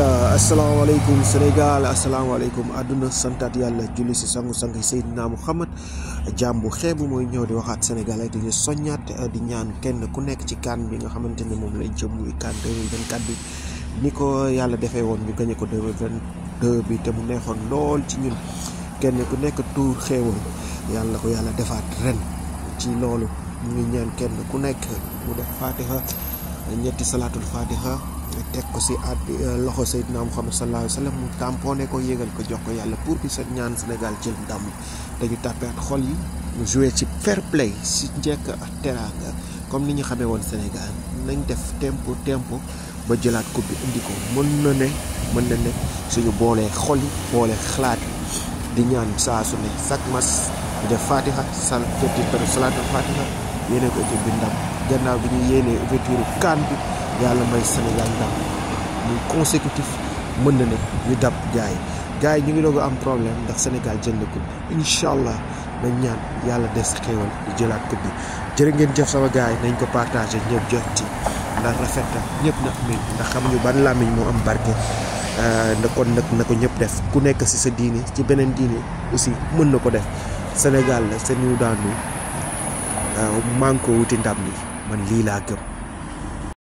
bisimilah asalaamaaleykum Sénégal asalaamaaleykum àdduna santaat yàlla julli si sangu-sang yi Seydina Muhammad jàmm bu xeebu mooy ñëw di waxaat Sénégal ak dañuy soññaat di ñaan kenn ku nekk ci kan bi nga xamante ne moom lañ jëm muy kan 2024 bi ni ko yàlla defee woon ñu gañe ko 2022 bi te mu neexoon lool ci ñun kenn ku nekk tuur xeewal yàlla ko yàlla defaat ren ci loolu ñu ngi ñaan kenn ku nekk mu def faatiha ñetti salatul fatiha teg ko si at euh, loxo sayyidina muhammad sallallahu alayhi wasallam mu tamponé ko yegal ko jox ko yalla pour que sa ñaan sénégal jël ndam dañu tapé xol yi mu jouer ci fair play si njëkk ak teranga comme ni xamé won sénégal nañ def tempo tempo ba jëlaat coupe bi indi ko mën na ne mën na ne suñu boolé xol yi boolé xalaat di ñaan saa su ne mas def fatiha sal tetti salatu fatiha yene ko ci bindam gannaaw bi ñu yéenee ouverture kan bi yàlla ya may ya sénégal ndam muy consécutif mën na ne ñu dab gaay gaay ñu ngi doog am problème ndax sénégal jël na coupe incha allah nañ ñaan yàlla des xéewal di jëlaat coupe bi jërë ngeen jëf sama gaay nañ ko partagé ñëpp jot ci ndax rafet na ñëpp na amin ndax xam ñu ban lamiñ moo am barke euh, na kon nag na ko ñëpp def ku nekk si sa diine ci beneen diine aussi mën na ko def sénégal la seen ñu daanu manko wuti ndam li من ليلا قب